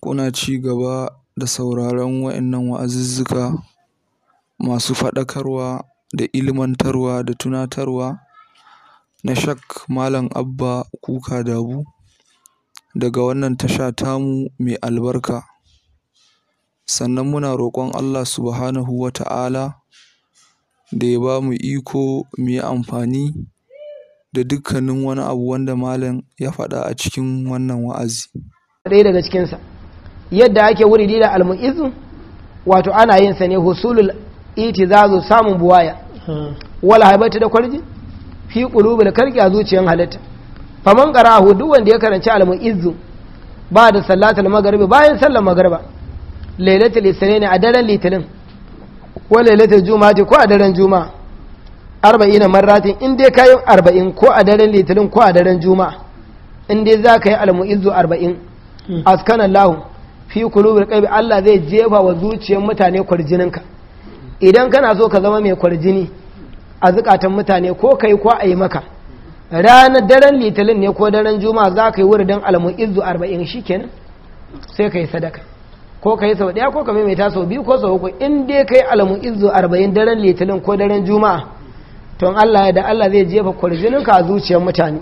kuna ci gaba da sauraron waɗannan wa'azuzzuka masu faɗakarwa da ilmantarwa da tunatarwa na Shak Malam Abba Kuka Dabu daga wannan tasha tamu mai albarka. Sannan muna roƙon Allah Subhanahu wa ta'ala da ya ba mu iko mu yi amfani da dukkanin wani abu wanda Malam ya faɗa a cikin wannan wa'azi. Ɗaya daga cikinsa. yadda ake wuridi da almu'izu wato ana yin sa ne husulul itizazu samun buwaya wala haibatu da kwarji fi qulubil karki a zuciyan halitta faman qarahu duk wanda ya karanci almu'izu ba da sallatul maghribi bayan sallar maghriba lailatul isnin a daren litinin wa lailatul juma'a ko a daren juma'a arba'ina marratin in dai kayi arba'in ko a daren litinin ko a daren juma'a in dai za ka yi almu'izu arba'in hmm. askanan lahu fi qulubil qalbi Allah zai jefa wa zuciyar mutane kwarjininka idan kana so ka zama mai kwarjini a zukatan mutane ko kai ko a yi maka ranar daren litilin ne ko daren juma'a za ka yi wuridin almu'izzu arba'in kenan sai ka yi sadaka ko ka yi sau ɗaya ko ka maimaita sau biyu ko sau uku in dai ka yi almu'izzu arba'in daren litilin ko daren juma'a tun allah ya da allah zai jefa kwarjininka a zuciyar mutane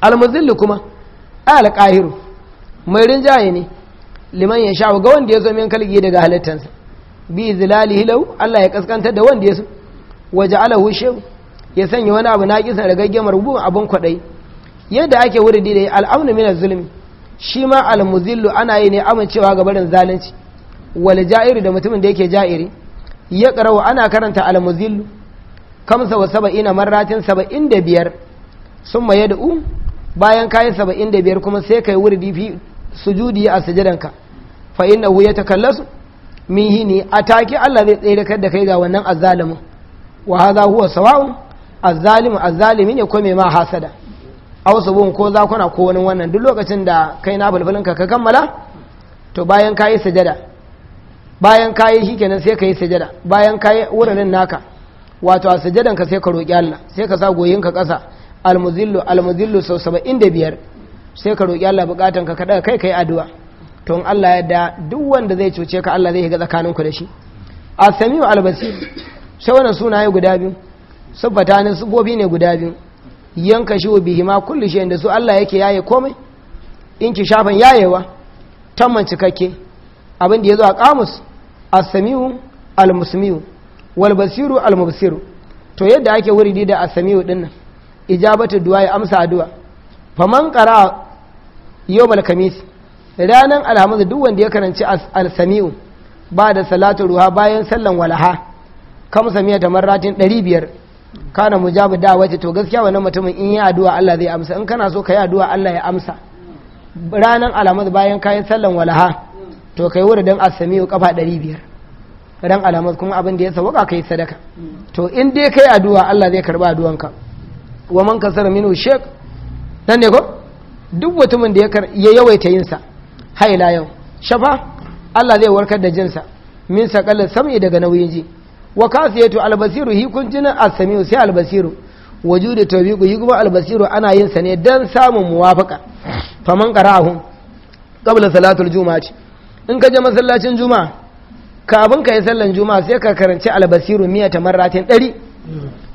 almuzillu kuma alƙahiru mai rinjaye ne liman ya sha ga wanda ya zo min kalgi daga halittansa bi zilali hilau Allah ya kaskantar da wanda ya so waje alahu hushe ya sanya wani abu na kisan ragagge marubu abun kwaɗai yadda ake wuri da al'amnu min zulmi shi ma al-muzillu ana yi ne amincewa ga barin zalunci wal ja'iri da mutumin da yake ja'iri ya karawa ana karanta al-muzillu kamsa wa saba'ina marratin saba'in da biyar sun maye bayan kayi saba'in da biyar kuma sai kai wuridi sujudi a sajadanka fa innahu yatakallasu min hini ataki Allah zai tsere da kai ga wannan azzalimin wa hadha huwa sawa'un azzalimu azzalimin ya kome ma hasada aw sabun ko zakuna ko wani wannan duk lokacin da kai na bulbulin ka kammala to bayan kayi sajada bayan kayi shikenan sai kayi sajada bayan kayi wuraren naka wato a sajadanka sai ka roki Allah sai ka sa goyinka ƙasa almuzillu almuzillu sau biyar. sai ka roƙi Allah bukatan ka kaɗa kai kai addu'a to in Allah ya da duk wanda zai cuce ka Allah zai ga tsakanin ku da shi as-sami'u al-basir sai wannan sunaye guda biyu sifata ne sifofi ne guda biyu yanka shi bihi ma kulli shay'in da su Allah yake yaye komai in ki shafan yayewa tamman cikakke abin da zo a kamus as-sami'u al-musmi'u wal basiru al mubsiru to yadda ake wuridi da as-sami'u dinnan ijabatu du'a ya amsa addu'a faman qara yau malkamis ranar alhamis duk wanda ya karanci alsami'u ba da salatu ruha bayan sallan walaha kam samiya da marratin 500 kana mujabu da wace to gaskiya wannan mutumin in yi addu'a Allah zai amsa in kana so ka yi addu'a Allah ya amsa ranar alhamis bayan kayan sallan walaha to kai wuri don asamiyu kafa 500 ran alhamis kuma abin da ya sauka kai sadaka to in dai kai addu'a Allah zai karba addu'anka wa man kasara minhu shek nan ne ko duk mutumin da ya yawaita yinsa haila yau shafa Allah zai warkar da jinsa min sakalar sam'i daga nauyin ji wa kasiyatu albasiru hi kun jinin asamiu sai albasiru wajudu tawbiqu hi kuma albasiru ana yin sa ne dan samun muwafaqa faman qara'ahu qabla salatul jumu'ati in ka je masallacin juma'a abin ka yi sallan juma'a sai ka karanci albasiru miya ta marratin ɗari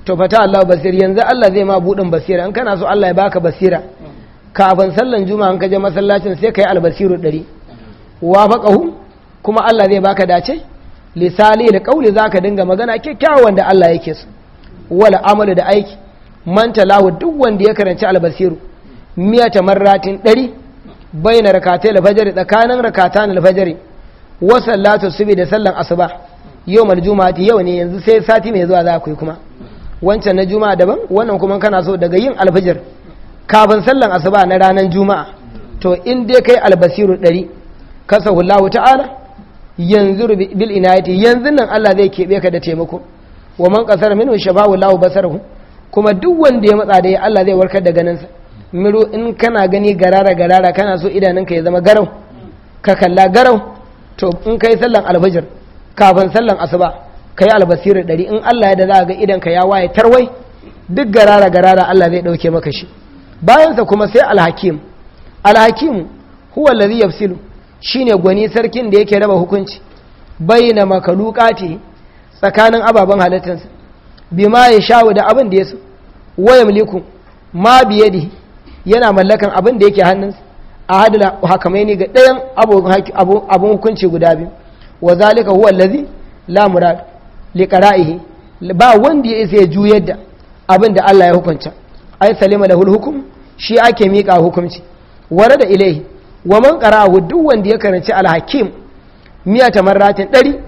to fata Allah basir yanzu Allah zai ma buɗin basira in kana so Allah ya baka basira kafin sallan juma'a ka je masallacin sai ka yi albasiru ɗari wa hu kuma Allah zai baka dace lisali da ƙauli za ka dinga magana kyakkyawan wanda Allah yake so wala amalu da aiki manta lawo duk wanda ya karanci albasiru miyata marratin ɗari bai na rakatai alfajari tsakanin rakatan alfajari wasan latar subi da sallan asuba yau mal juma'a yau ne yanzu sai sati mai zuwa za ku yi kuma wancan na juma'a daban wannan kuma kana so daga yin alfajar kafin sallan asuba na ranar juma'a to in dai kai albasiru ɗari kasa hullahu ta'ala yanzu bil inayati yanzu nan Allah zai keɓe ka da taimako wa man qasara minhu shafahu lahu basarahu kuma duk wanda ya matsa da Allah zai warkar da ganinsa miro in kana gani garara garara kana so idanunka ya zama garau ka kalla garau to in kai sallan alfajir kafin sallan asuba kai albasiru ɗari in Allah ya da za ga idanka ya waye tarwai duk garara garara Allah zai ɗauke maka shi bayansa kuma sai alhakim alhakim huwa allazi yafsilu shine gwani sarkin da yake raba hukunci bayyana makalukati tsakanin ababen halittarsa bima ya shawo da abin da ya so waya mulku ma biyadi yana mallakan abin da yake hannunsa a hadala ne ga ɗayan abin hukunci guda biyu wa zalika huwa lazi la murad li ba wanda ya isa ya juyar da abin da Allah ya hukunta ai salima lahul hukum shi ake mika hukunci ware da ilai wa man qara'ahu duk wanda ya karanci al miya ta marratin ɗari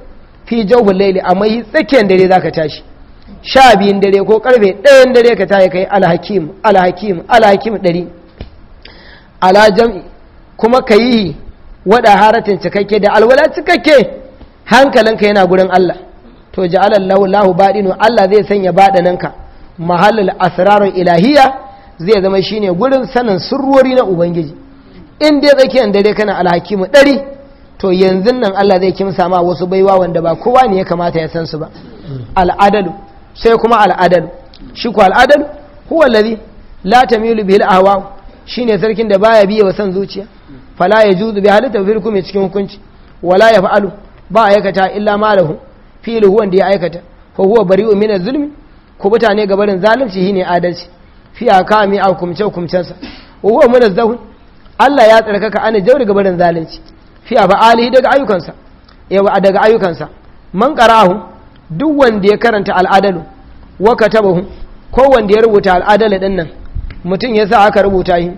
fi jawhul layli amma yi tsakiyar dare zaka tashi sha biyun dare ko karfe ɗayan dare ka tashi kai al-hakim al-hakim al-hakim ɗari ala jam'i kuma ka yi wada haratin cikakke da alwala cikakke hankalinka yana gurin Allah to ja'alallahu lahu baɗinu Allah zai sanya nanka mahallul asrarul ilahiyya zai zama shine gurin sanin sirrori na ubangiji in dai tsakiyar dare kana alhakimu ɗari to yanzu nan Allah zai kimsa ma wasu baiwa wanda ba kowa ne ya kamata ya san su ba al'adalu sai kuma al'adalu shi ko al'adalu huwa allazi la milu shi shine sarkin da baya biya wa san zuciya fala ya juzu bi halatta fil hukmi cikin hukunci wala ya fa'alu ba aikata illa ma lahu da ya aikata ko huwa bari'u min zulmi ko mutane gabarin zalunci shine adalci fi kami a hukumce hukumcensa wa huwa zahun Allah ya tsarkaka ana jauri ga barin zalunci fi a alihi daga ayyukansa yawa daga ayyukansa man qara'ahu duk wanda ya karanta al'adalu wa hun ko wanda ya rubuta al'adala din nan mutum ya sa aka rubuta shi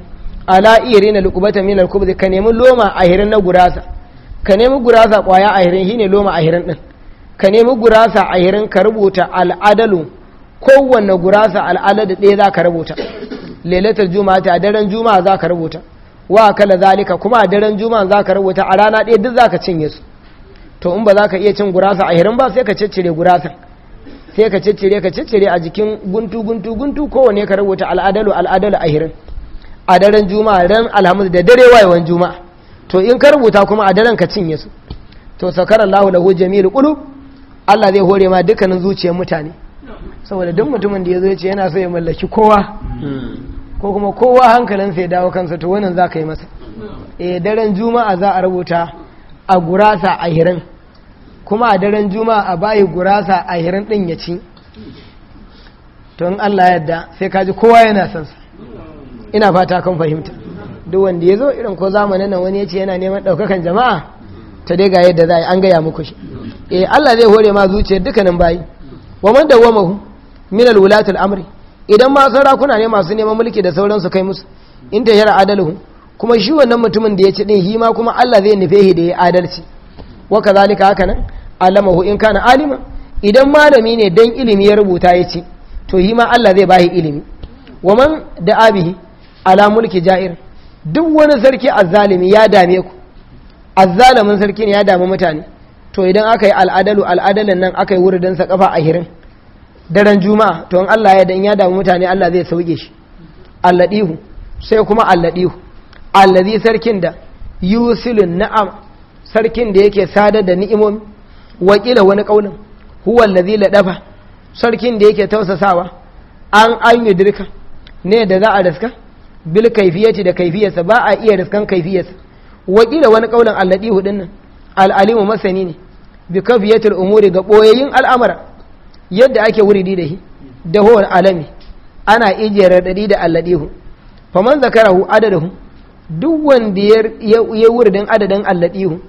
ala na lukubata min al ka nemi loma a hirin na gurasa ka nemi gurasa kwaya a hirin shine loma a hirin din ka nemi gurasa a hirin ka rubuta al'adalu kowanne gurasa al'ada ɗaya za ka rubuta lailatul juma'a ta daren juma'a za ka rubuta wa kala zalika kuma a daren juma'a za ka rubuta a rana ɗaya duk za ka cinye su to in ba za ka iya cin gurasa a hirin ba sai ka ciccire gurasa sai ka ciccire ka ciccire a jikin guntu guntu guntu kowanne ka rubuta al'adalu al'adalu a hirin a daren juma'a ran alhamis da dare wayewan juma'a to in ka rubuta kuma a daren ka cinye su to sakarar lahu jamilul qulub Allah zai hore ma dukkanin zuciyar mutane saboda duk mutumin da ya zo ce yana so ya mallaki kowa ko kuma kowa hankalinsa ya dawo kansa to wannan za ka yi masa eh daren juma'a za a rubuta a gurasa a hirin kuma a daren juma'a a bayi gurasa a hirin din ya ci to in Allah yadda sai ka ji kowa yana son sa ina fata kan fahimta duk wanda ya zo irin ko zamanin nan wani ya ce yana neman ɗaukakan jama'a ta dai ga yadda za a yi an gaya muku shi eh Allah zai hore ma zuciyar dukkanin bayi wa man dawamahu min alwulatul amri idan ma kuna ne masu neman mulki da sauransu kai musu in ta yara adaluhu kuma shi wannan mutumin da ya ci din ma kuma Allah zai nufe shi da ya adalci wa kazalika haka nan alamahu in kana alima idan malami ne dan ilimi ya rubuta ya ci to ma Allah zai bashi ilimi wa man da abihi ala mulki ja'ir duk wani sarki azzalimi ya dame ku azzalimin sarki ne ya dame mutane to idan aka yi al'adalu al'adalin nan aka yi wuridin sa kafa ahirin daren juma'a to in Allah ya dan ya damu mutane Allah zai sauke shi alladihu sai kuma alladihu allazi sarkin da yusilun na'am sarkin da yake sadar da ni'imomi wakila wani kaulin huwa allazi ladafa sarkin da yake tausasawa an an yudirka ne da za a riska bil kaifiyati da kaifiyarsa ba a iya riskan kaifiyarsa wakila wani kaulin alladihu din al'alimu masani ne bi kafiyatul umuri ga boyayin al'amara yadda ake wuridi da shi da huwan alami ana ijiye raɗaɗi da alladihu faman zakarahu adadahu duk wanda ya wuridin adadin alladihu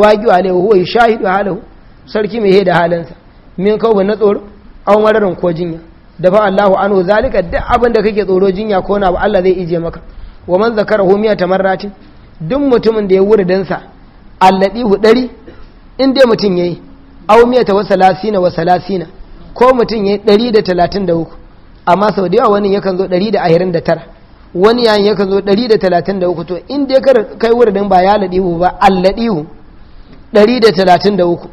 wa alaihi huwa shahidu halahu sarki mai da halansa min kawai na tsoro an mararin ko jinya da fa Allahu anhu zalika duk abin da kake tsoro jinya ko na Allah zai ije maka wa man zakarahu miya tamarratin duk mutumin da ya dansa. alladihu dari in dai mutum ya yi au miyata wa salasina wa salasina ko mutum ya yi ɗari da talatin da uku amma sau da yawa wani yakan zo ɗari da ashirin da tara wani yayin yakan zo ɗari da talatin da uku to in dai kai wurin ba ya ladihu ba alladihu ɗari da talatin da uku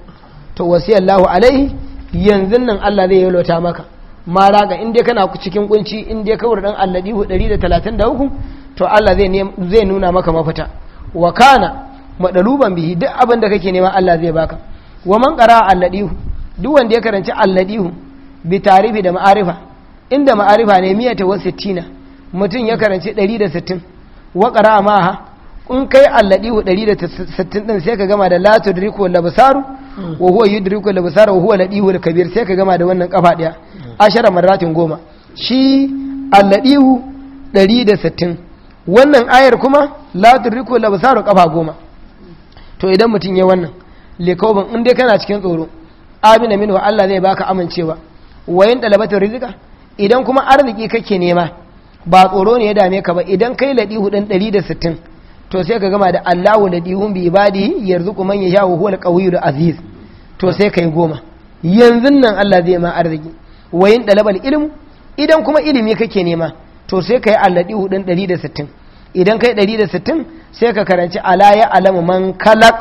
to wasu lahu alaihi yanzu nan allah zai yalota maka mara ga dai kana cikin kunci inda da talatin da 133 to Allah zai nuna maka mafita wa kana madaluban bihi duk abin da kake nema Allah zai baka wa man qara alladihu duk wanda ya karanci alladihu bi tarifi da ma'arifa inda ma'arifa ne miyata wa mutum ya karanci 160 wa qara maha in kai alladihu 160 din sai ka gama da la tudriku wal basaru wa huwa yudriku wal basaru wa huwa ladihu al kabir sai ka gama da wannan kafa daya ashara marratin goma shi alladihu 160 wannan ayar kuma la tudriku wal basaru kafa goma to idan mutum ya wannan lekobin in dai kana cikin tsoro amina minhu Allah zai baka amincewa wayin dalabatar rizika idan kuma arziki kake nema ba tsoro ne ya dame ka ba idan kai ladihu da 160 to sai ka gama da Allahu ladihun bi ibadi yarzuqu man yashahu huwal qawiyyu aziz to sai kai goma yanzu nan Allah zai ma arziki wayin dalabal ilmu idan kuma ilimi kake nema to sai kai alladihu dan 160 idan kai 160 sai ka karanci alaya ya alamu man kalak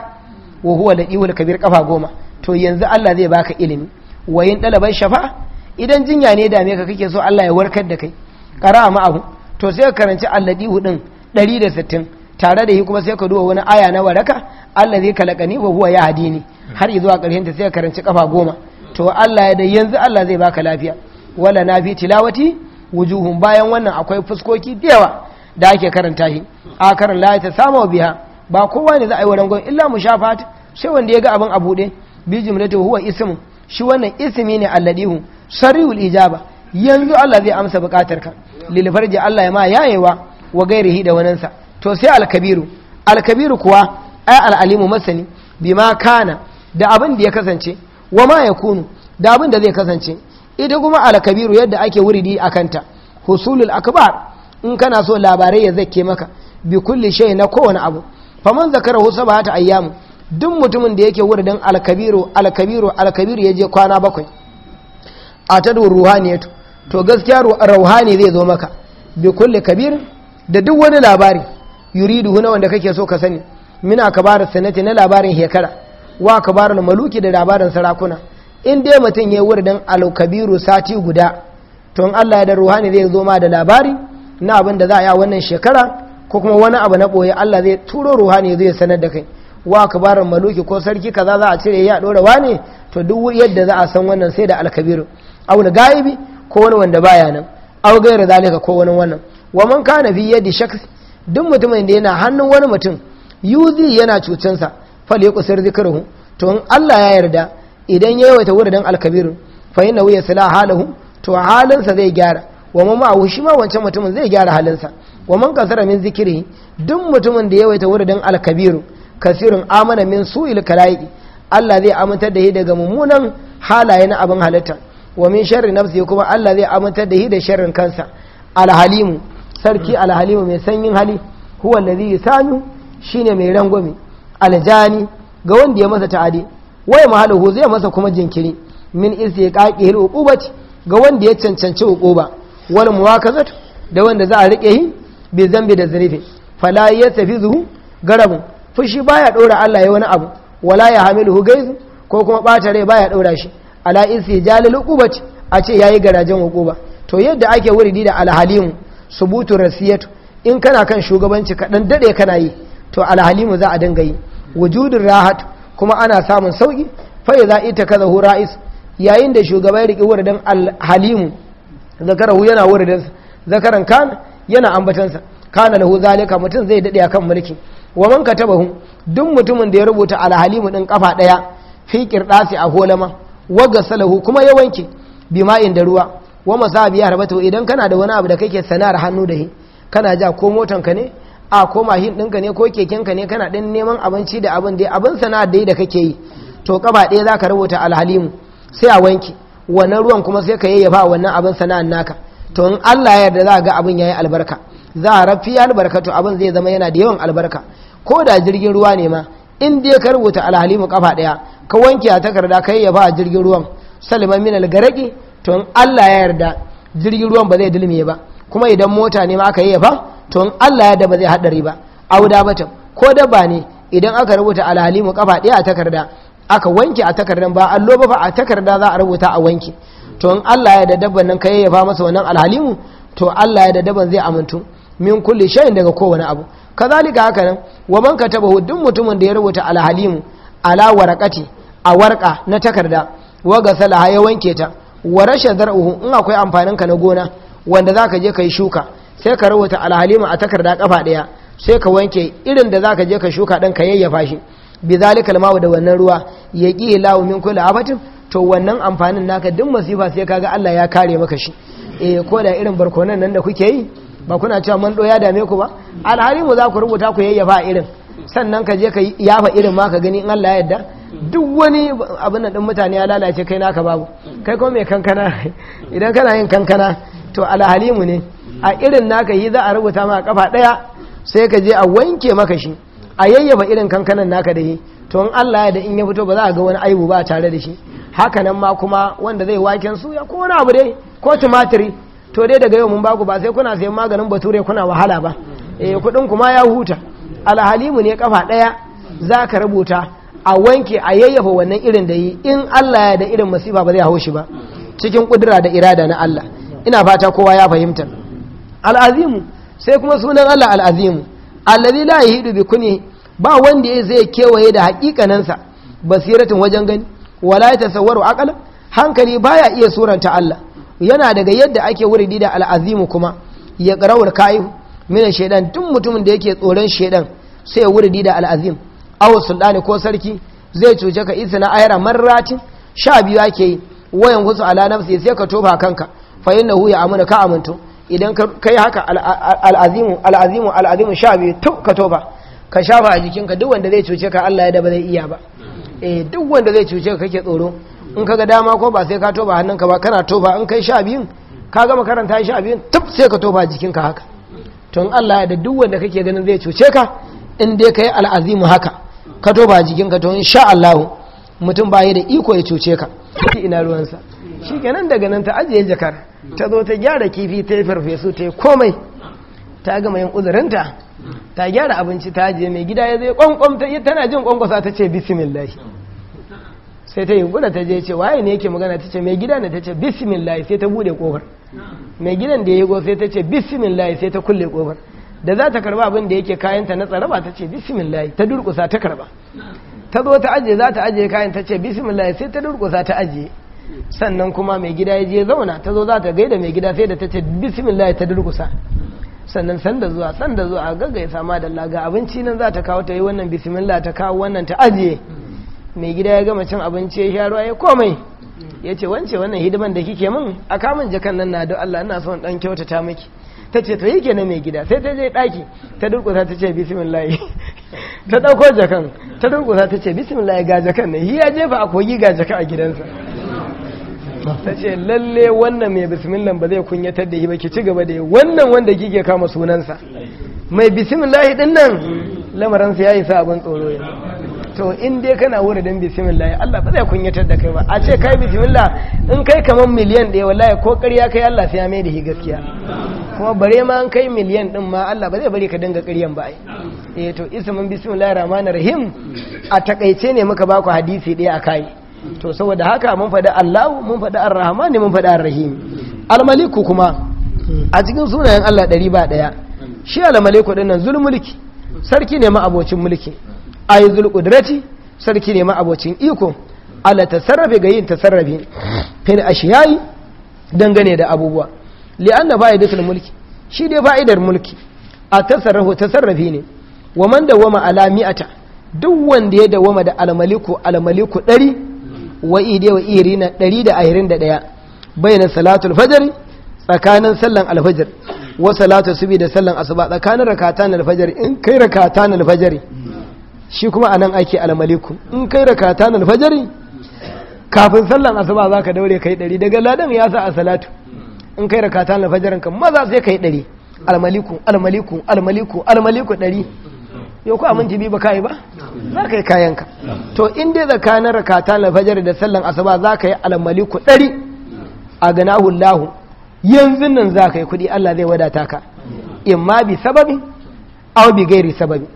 wa huwa da iwul kabir kafa goma to yanzu Allah zai baka ilimi wayin dalaban shafa idan jinya ne dame ka kake so Allah ya warkar da kai kara ma abu to sai ka karanci alladi alladihu da sittin tare da shi kuma sai ka duba wani aya na waraka Allah zai kalakani wa huwa ya hadini har zuwa karshen ta sai ka karanci kafa goma to Allah da yanzu Allah zai baka lafiya wala na fi tilawati wujuhun bayan wannan akwai fuskoki da da ake karanta shi a karan la ta sama biya ba kowa ne za a yi wa rangon illa mu shafat sai wanda ya ga abin a buɗe bi jumlatu huwa ism shi wannan ismi ne alladihu sariul ijaba yanzu Allah zai amsa bukatarka lil farji Allah ya ma yayewa wa gairihi da wanansa to sai alkabiru alkabiru kuwa ai al'alimu masani bima kana da abin da ya kasance wa ma yakunu da abin da zai kasance ita kuma alkabiru yadda ake wuridi akanta husulul akbar in kana so labarai ya zake maka bi kulli shay na kowane abu fa faman zakarahu sabata ayyamu duk mutumin da yake wuridin alkabiru alkabiru alkabiru ya je kwana bakwai a ta ruhaniyatu to gaskiya ruhani zai zo maka bi kulli kabir da duk wani labari yuridu na wanda kake so ka sani mina kabarar sanati na labarin hekara wa kabarar maluki da labarin sarakuna in dai mutum ya wuridin alkabiru sati guda to in Allah ya da ruhani zai zo ma da labari na abin da za a yi a wannan shekara ko kuma wani abu na ɓoye Allah zai turo ruhani zai sanar da kai wa kabarin maluki ko sarki kaza za a cire ya dora wani to duk yadda za a san wannan sai da alkabir aw gaibi ko wani wanda baya nan aw gairu zalika ko wani wannan wa man kana fi yadi shakhs duk mutumin da yana hannun wani mutum yuzi yana sa fal yaqsir zikruhu to in Allah ya yarda idan yayi wata wurin alkabiru fa inna yasla halahu to halansa zai gyara wa man ma'ahu shi ma wancan mutumin zai gyara halinsa wa man kasara min zikiri duk mutumin da ya yawaita wuridin alkabiru kasirin amana min su'il kalaiki Allah zai amintar da shi daga mummunan halaye na abin halitta wa min sharri nafsi kuma Allah zai amintar da shi da sharrin kansa alhalimu sarki alhalimu mai sanyin hali huwa allazi yusami shine mai rangwame aljani ga wanda ya masa ta'adi wai mahalahu zai masa kuma jinkiri min isi ya kaki hil ga wanda ya cancanci uƙuba wal muwakazat da wanda za a rike shi bi zambi da zunubi fala yastafizuhu garabun fushi baya dora Allah ya wani abu wala ya hamiluhu gaizu ko kuma bata rai baya dora shi ala jalil uqubati a ce yayi garajen hukuba to yadda ake wuridi da alhalimu subutu rasiyatu in kana kan shugabanci kaɗan daɗe kana yi to alhalimu za a dinga yi wujudin rahat kuma ana samun sauki fa za ita kaza hura ra'is yayin da shugaban ya riƙi alhalimu zakarahu yana wuridinsa zakaran kan yana ambatansa kana lahu zalika mutum zai dade akan mulki wa man katabahu duk mutumin da ya rubuta alhalimu din kafa daya fi kirdasi a holama wa gasalahu kuma ya wanke bima'in da ruwa wa masabi ya rabata idan kana da wani abu da kake sana'ar hannu da shi kana ja ko motan ka ne a ko mahin ɗinka ne ko keken ka ne kana ɗin neman abinci da abin da abin sana'ar da kake yi to kaba ɗaya zaka ka rubuta alhalimu sai a wanke wannan ruwan kuma sai ka yayyafa wannan abin sana'an naka to in Allah ya yarda za ga abin yayi albarka za a rafi albarka to abin zai zama yana da yawan albarka ko da jirgin ruwa ne ma in dai ka rubuta alhali mu kafa daya ka wanke a takarda ka yayyafa a jirgin ruwan salman min algaraki to in Allah ya yarda jirgin ruwan ba zai dulmiye ba kuma idan mota ne ma aka yayyafa to in Allah ya yarda ba zai hadari ba auda bata ko dabba ne idan aka rubuta alhali mu kafa daya a takarda aka wanke a takardar ba allo ba a takarda za a rubuta a wanke to in Allah ya da dabban nan ka fa masa wannan alhalimu to Allah ya da dabban zai amintu min kulli shay'in daga kowane abu kazalika haka nan wa man kataba duk mutumin da ya rubuta alhalimu ala warqati a warka na takarda wa gasala ya wanke ta wa rasha zar'uhu in akwai amfanin ka na gona wanda zaka je kai shuka sai ka rubuta alhalimu a takarda kafa daya sai ka wanke irin da zaka je ka shuka dan ka yayyafa shi bi zalika da wannan ruwa yaqi lahu min kulli afatin to wannan amfanin naka duk masifa sai kaga Allah ya kare maka shi eh ko da irin barkonan nan da kuke yi ba kuna cewa man doya dame ku ba mu za ku rubuta ku yayyafa irin sannan ka je ka yafa irin ma ka gani in Allah ya yarda duk wani abin nan din mutane ya lalace kai naka babu kai kuma mai kankana idan kana yin kankana to alhalimu ne a irin naka yi za a rubuta ma kafa daya sai ka je a wanke maka shi a yayyaba irin kankanan naka da yi to in Allah ya da in ya fito ba za a ga wani aibu ba tare da shi haka nan ma kuma wanda zai waken suya ko wani abu dai ko tumatiri to dai daga yau mun baku ba sai kuna sayan maganin bature kuna wahala ba eh kudin kuma ya huta alhalimu ne kafa daya za ka rubuta a wanke a yayyafa wannan irin da yi in Allah ya da irin masifa ba zai hau shi ba cikin kudura da irada na Allah ina fata kowa ya fahimta al'azimu sai kuma sunan Allah al'azimu alladhi la yahidu bi kuni ba wanda ya zai kewaye da haƙiƙanansa basiratin wajen gani wala ya tasawwaru aqal hankali baya iya suranta Allah yana daga yadda ake wuridi da al'azimu kuma ya qarawul kai mina shaidan tun mutumin da yake tsoron shaidan sai ya wuridi da al'azim aw sultani ko sarki zai cuce ka isa isna ayra marratin sha biyu ake yi wayan wasu ala nafsi sai ka tofa kanka fa innahu ya amuna ka amuntu idan ka yi haka al'azimu al'azimu al'azimu sha biyu ka toba ka shafa a jikinka duk wanda zai cuce ka Allah ya da ba zai iya ba eh duk wanda zai cuce ka kake tsoro in ka ga dama ko ba sai ka toba ka ba kana toba in kai sha biyun ka gama karanta sha biyun tab sai ka toba a jikinka haka To in Allah ya da duk wanda kake ganin zai cuce ka in dai ka yi al'azimu haka ka toba a jikinka to insha Allah mutum ba ya da iko ya cuce ka ina ruwansa shi daga nan ta ajiye jakar ta zo ta gyara kifi ta yi farfesu ta yi komai ta gama yin uzurinta ta gyara abinci ta je mai gida ya zai kwankwam ta yi tana jin kwankwasa ta ce bismillah sai ta yi gura ta je ce waye ne yake magana ta ce mai gida ne ta ce bismillah sai ta bude kofar mai gidan da ya go sai ta ce bismillah sai ta kulle kofar da za ta karba abin da yake kayanta na tsaraba ta ce bismillah ta durkusa ta karba ta zo ta ajiye za ta ajiye kayan ta ce bismillah sai ta durkusa ta ajiye sannan kuma mai gida ya je zauna ta zo za ta gaida mai gida sai da ta ce bismillah ta durkusa sannan sanda zuwa sanda zuwa a ya sama da laga abinci nan za ta kawo ta yi wannan bismillah ta kawo wannan ta ajiye mai gida ya gama cin abinci ya sha ruwa ya komai ya ce wance wannan hidiman da kike min a kamun jakan nan na da Allah ina son dan ta miki ta ce to yake na mai gida sai ta je daki ta durkusa ta ce bismillah ta dauko jakan ta durkusa ta ce bismillah ga jakan ne ya jefa akogi ga jaka a gidansa ta ce lalle wannan mai bismillah ba zai kunyatar da yi ba ki ci gaba da yi wannan wanda kike kama sunansa mai bismillah din nan lamaransa ya yi sa abin tsoro ya to in dai kana don bismillah Allah ba zai kunyatar da kai ba a ce kai bismillah in kai kamar miliyan ɗaya wallahi ko ƙarya kai Allah sai ya mai da shi gaskiya kuma bare ma an kai miliyan din ma Allah ba zai bari ka dinga ƙaryan ba ai eh to ismin bismillahir rahmanir rahim a takaice ne muka baku hadisi ɗaya a kai to saboda haka mun faɗi allahu mun faɗi arrahman ne mun faɗi al-maliku kuma a cikin sunayen allah ɗari ba ɗaya shi almaliku ɗin nan zul mulki sarki ne ma'abocin mulki ayi zul qudrati sarki ne ma'abocin iko ala tasarrafe ga yin tasarrafi fil ashiyai dangane da abubuwa li'anna fa'idatul mulki shi dai fa'idar mulki a tasarrafu tasarrafi ne wa man dawama ala mi'ata duk wanda ya dawama da al almaliku almaliku ɗari wa ide wa irina 121 bayanan salatul fajar tsakanin sallan alfajar wa salatu subi da sallan asuba tsakanin rakatan alfajr in kai rakatan alfajr shi kuma anan ake almaliku in kai rakatan alfajr kafin sallan asuba za ka daure kai ɗari daga ladan ya sa a salatu in kai rakatan alfajr ka maza sai kai ɗari almaliku almaliku almaliku almaliku ɗari. yau ku a minti biyu ba ka yi ba za ka yi kayanka to in dai tsakanin rakata na fajar da sallan asaba za ka yi ku ɗari a ganahu lahu yanzu nan za ka yi kuɗi allah zai wadata ka in ma bi sababi aw bi gairi sababi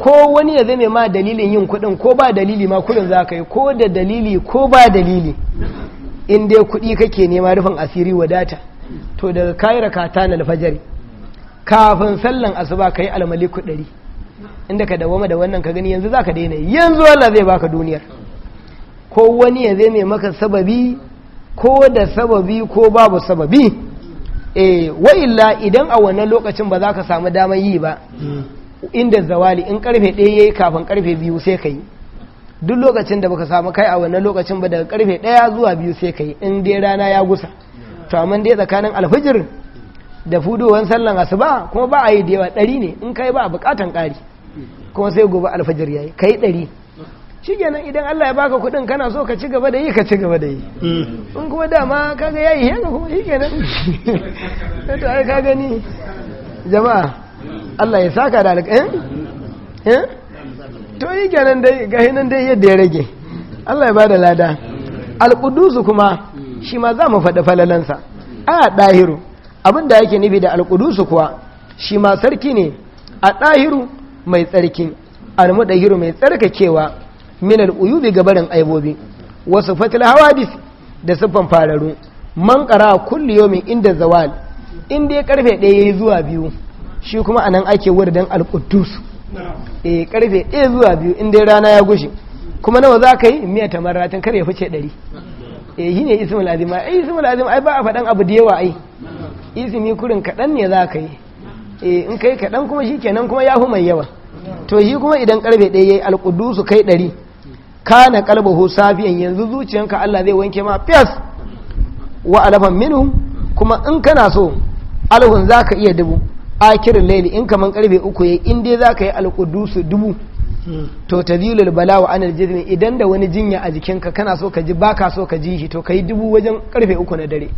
ko wani ya zame ma dalilin yin kuɗin ko ba dalili ma kuɗin za ka yi ko da dalili ko ba dalili in dai kuɗi kake nema rufin asiri wadata to daga kayi rakata na alfajari kafin sallan asuba ka yi almaliku ɗari inda ka dawama da wannan ka gani yanzu za ka daina yanzu Allah zai baka duniyar ko wani ya zai mai maka sababi ko da sababi ko babu sababi eh, wa wa'illa idan a wannan lokacin ba za ka samu damar yi ba inda zawali in karfe ɗaya yayi kafin karfe biyu sai ka duk lokacin da baka samu kai a wannan lokacin ba daga karfe ɗaya zuwa biyu sai ka in dai rana ya gusa to amma dai tsakanin alfijir da fudowan sallan asuba kuma ba a yi da yawa ɗari ne in kai ba a bukatan ƙari kuma sai gobe alfajar yayi kai ɗari shi kenan idan Allah ya baka kuɗin kana so ka ci gaba da yi ka ci gaba da yi hmm. in kuma dama kaga ya yi haka kuma shi kenan to ai ka gani jama'a Allah ya saka da alƙayin eh? eh? to yi kenan dai ga hinan dai yadda ya rage Allah ya bada lada alƙudusu kuma shi ma za mu faɗi falalansa a ɗahiru abin da yake nufi da alƙudusu kuwa shi ma sarki ne a ɗahiru mai tsarki almudahiru mai tsarkakewa min al'uyubi gabarin aibobi wasu fatil hawadis da siffan fararu man kara kulli yomin inda zawal inda ya karfe ɗaya ya yi zuwa biyu shi kuma a nan ake wuri wurdan alƙudus e eh, karfe ɗaya zuwa biyu inda rana ya gushe kuma nawa za ka yi miya tamarratin kar ya fice ɗari e shi ne ismul azim ai ismul azim ai ba a faɗan abu da yawa ai ismi kurin kaɗan ne za ka yi Eh, in kai kaɗan kuma shi kenan kuma ya fi mai yawa to shi kuma idan karfe ɗaya ya yi alƙudusu kai ɗari kana kalbahu safiyan yanzu zuciyanka Allah zai wanke ma fiyas wa alafan kuma in kana so alhun zaka iya dubu kirin laili in kaman karfe uku yayi in dai za ka yi alqudusu dubu to tazilul bala wa anil idan da wani jinya a jikinka kana so ka ji baka so ka ji shi to kai dubu wajen karfe uku na dare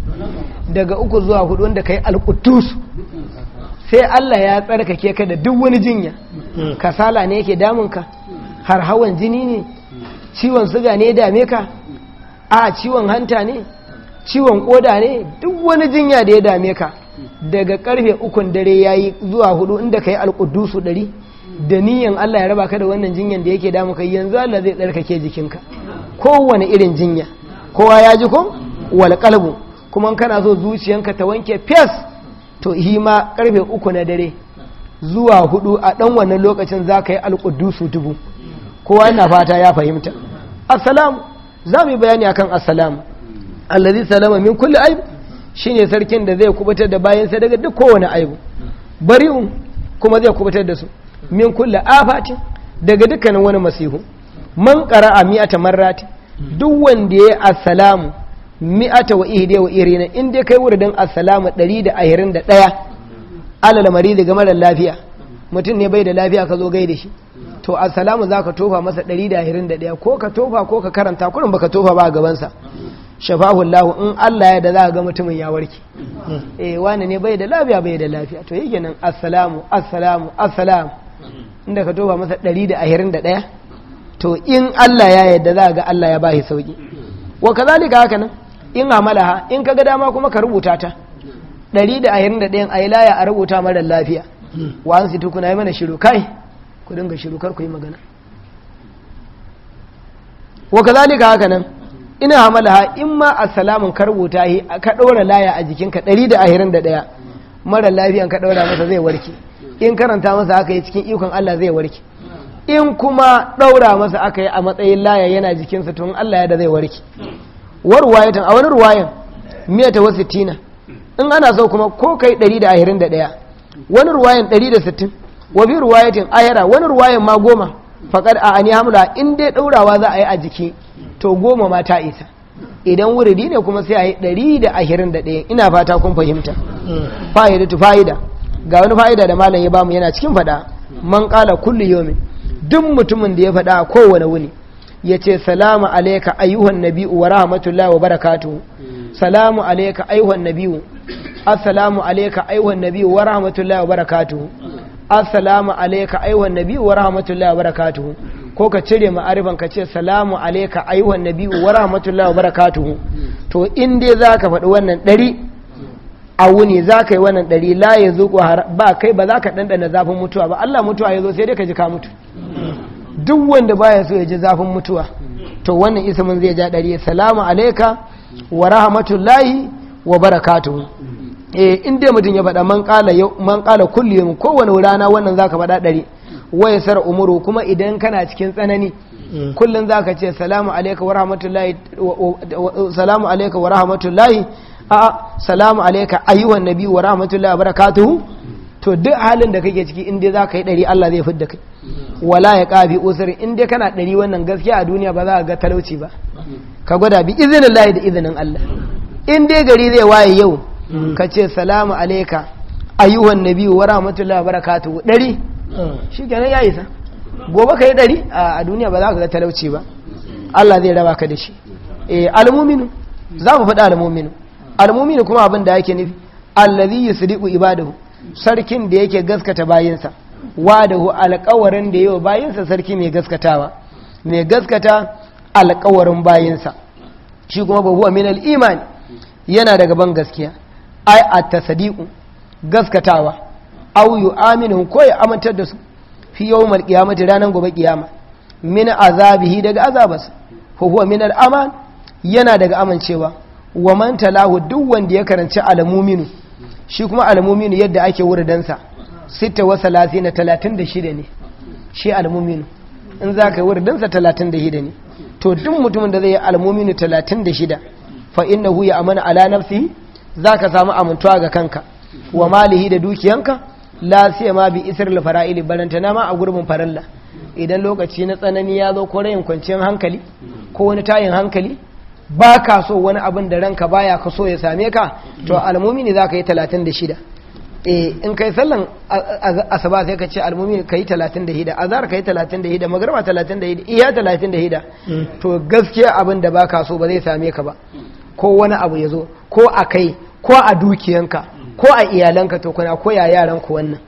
daga uku zuwa hudu wanda kai alqudusu sai Allah ya tsarkake ka da duk wani jinya mm. kasala ne yake damunka har hawan jini ne ciwon suga ne dame ka a ciwon hanta ne ciwon koda ne duk wani jinya da ya dame ka daga karfe ukun dare ya yi zuwa hudu inda ka yi alkudusu dari da niyan Allah ya raba ka da wannan jinyan da yake damu kai yanzu Allah zai tsarkake jikinka kowane irin jinya kowa ya ji ko wal qalbu kuma kana so zuciyanka ta wanke fes to ma karfe uku na dare zuwa hudu a dan wannan lokacin za ka yi alƙudusu dubu kowa yana fata ya fahimta assalamu za mu yi bayani akan assalamu allazi salama min kulli aib shine sarkin da zai kubutar da bayansa daga duk kowane aibu bari'un kuma zai kubutar da su min kulli afatin daga dukkanin wani masihu man qara'a mi'ata marrati duk wanda yayi assalamu mi'ata wa ihdiya wa irina in dai kai wuridin assalamu 121 alal maridi ga marar lafiya mutum ne bai da lafiya ka zo gaida shi to assalamu zaka tofa masa 121 ko ka tofa ko ka karanta kurin baka tofa ba a gaban sa shafahu in Allah ya da za ga mutumin ya warke eh wani ne bai da lafiya bai da lafiya to yake nan assalamu assalamu assalamu inda ka tofa masa 121 to in Allah ya yarda za ga Allah ya bashi sauki wa kazalika haka nan in amalaha in ka ga dama kuma ka rubuta ta 121 a laya a rubuta mara lafiya wa an situ kuna yi mana shiru kai ku dinga shiru kar ku yi magana wa kazalika haka nan ina hamalaha in ma assalamun ka rubuta shi ka ɗora laya a jikinka 121 mara lafiyan ka ɗora masa zai warke in karanta masa aka yi cikin ikon Allah zai warke in kuma ɗaura masa aka yi a matsayin laya yana jikinsa tun Allah ya da zai warke wa a wani ruwayan miyata in ana so kuma ko kai ɗari da ahirin da ɗaya wani ruwayan ɗari da sittin wa ruwayatan ruwayatin ahira wani ruwayan ma goma faƙar a ani hamla in dai ɗaurawa za a yi a jiki to goma ma ta isa idan wuridi ne kuma sai a yi ɗari da ahirin da ɗaya ina fata kun fahimta fa'ida tu fa'ida ga wani fa'ida da malam ya bamu yana cikin faɗa man ƙala kulli yomi duk mutumin da ya faɗa a kowane wuni ya ce salamu alaika ayyuhan nabi'u wa rahmatullahi wa barakatu hmm. salamu alaika ayyuhan nabi'u assalamu alaika ayyuhan nabi'u wa rahmatullahi wa barakatu hmm. assalamu alaika ayyuhan nabi'u wa rahmatullahi wa barakatu hmm. ko ka cire ma'arifan ka ce salamu alaika ayyuhan nabi'u wa rahmatullahi wa barakatu to in dai zaka faɗi wannan ɗari a wuni za ka yi wannan ɗari la ya zuƙo ba kai ba za ka ɗanɗana zafin mutuwa ba Allah mutuwa ya zo sai dai ka ji ka mutu duk wanda baya so ya ji zafin mutuwa to wannan isimin zai ja ɗari salamu alaika wa rahmatullahi wa barakatuhu eh inda mutum ya faɗa man ƙala man ƙala kullum kowane rana wannan zaka faɗa dari waya sar umuru kuma idan kana cikin tsanani kullum zaka ce salamu alaika wa rahmatullahi salamu alaika wa rahmatullahi a salamu alaika ayyuhan nabi wa rahmatullahi wa barakatuhu to duk halin da kake ciki inda zaka yi ɗari Allah zai fidda kai wala ya kabi usri in dai kana ɗari wannan gaskiya a duniya ba za a ga talauci ba ka gwada bi izinin da izinin Allah in dai gari zai waye yau ka ce salamu alaika ayyuhan nabi wa rahmatullahi wa barakatuhu ɗari shi kenan ya isa gobe ka yi ɗari a duniya ba za ka ga talauci ba Allah zai raba ka da shi eh almuminu za mu Al-muminu almuminu almuminu kuma abin da yake nufi allazi yusriqu ibadahu sarkin da yake gaskata bayinsa wadahu alƙawarin da wa bayinsa sarki mai gaskatawa mai gaskata alƙawarin bayinsa shi kuma ba huwa min iman yana daga ban gaskiya ai a tasdiqu gaskatawa auyu aminu ko ya amantar da su fi mal qiyamati ranan gobe kiyama min azabihi daga azabas ko huwa min aman yana daga amincewa wa man talahu duk wanda ya karanci alamuminu shi kuma alamuminu yadda ake wurdansa sita wa salasina talatin da shida ne shi almominu in za ka yi wurdinsa talatin da shida ne to duk mutumin da zai yi almominu talatin da shida fa inna huya mana amana ala nafsi za ka samu amintuwa ga kanka wa malihi da dukiyanka la siya ma bi isar la fara'ili na ma a gurbin faralla idan lokaci na tsanani ya zo ko rayin kwanciyar hankali ko wani tayin hankali ba ka so wani abin da ranka baya ka so ya same ka to ne za ka yi talatin da shida Eh, in kai sallan asaba sai ka ce almumi ka yi talatin da hida azhar ka yi talatin da hida magarba talatin da hida iya talatin da hida hmm. to gaskiya abin da baka so ba zai same ka ba ko wani abu ya zo ko a kai ko a dukiyanka ko a iyalanka to kuna ko ya yaran ku wannan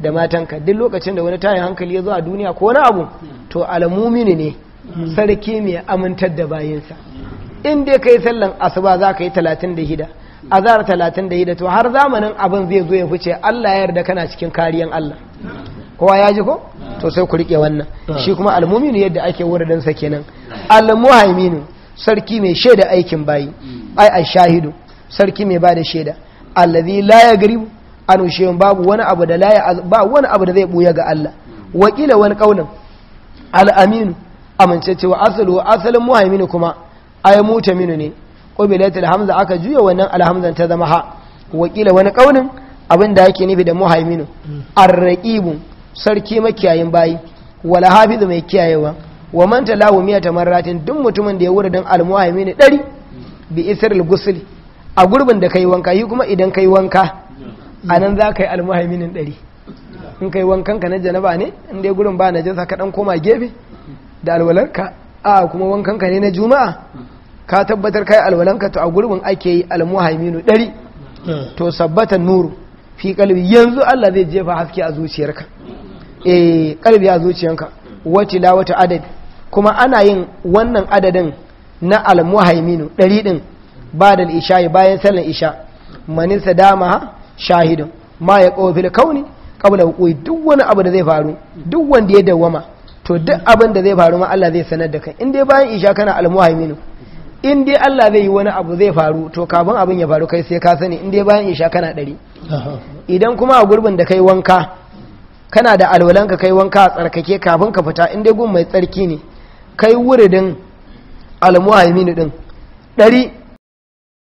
da matanka duk lokacin da wani tayin hankali ya zo a duniya ko wani abu to almumini ne hmm. sarki mai amintar da bayinsa in dai kai sallan asuba za ka yi talatin da hida A talatin da to har zamanin abin zai zo ya fice Allah ya yarda kana cikin kariyan Allah kowa ya ji ko to sai ku rike wannan shi kuma almuminu yadda ake wurin sa kenan almuhaiminu sarki mai shaida aikin bayi ai a shahidu sarki mai ba da shaida allazi la garibu an babu wani abu da ba wani abu da zai buya ga Allah wakila wani kaunin al'aminu aminu amince cewa asalu asalin muhaiminu kuma ai mutaminu ne qubilat Hamza aka juya wannan alhamzan ta zama ha wakila wani kaunin abin da yake nufi da muhaiminu arraqibun sarki makiyayin bayi wala hafizu mai kiyayewa wa man talahu miyata marratin duk mutumin da ya wuri dan almuhaiminu dari bi isril ghusl a gurbin da kai wanka yi kuma idan kai wanka anan za ka yi almuhaiminin dari in kai wankan ka na janaba ne in dai gurin ba najasa ka dan koma gefe da alwalarka a kuma wankan ne na juma'a ka tabbatar kai alwalanka to a gurbin ake yi almuhaiminu dari. to sabbata nuru fi kalbi yanzu Allah zai jefa haske a zuciyarka eh kalbi a zuciyanka wace wata adadi kuma ana yin wannan adadin na almuhaiminu dari din. ba da bayan sallan isha manisa dama shahidin ma ya ƙofil kauni kabla hukui duk wani abu da zai faru duk wanda ya dawwama to duk abin da zai faru ma Allah zai sanar da kai in dai bayan isha kana almuhaiminu in dai Allah zai yi wani abu zai faru to kafin abin ya faru kai sai ka sani in dai bayan isha kana ɗari idan kuma a gurbin da kai wanka kana da alwalanka kai wanka a tsarkake kafin ka fita in dai gun mai tsarki ne kai wuridin almuhaimini din ɗari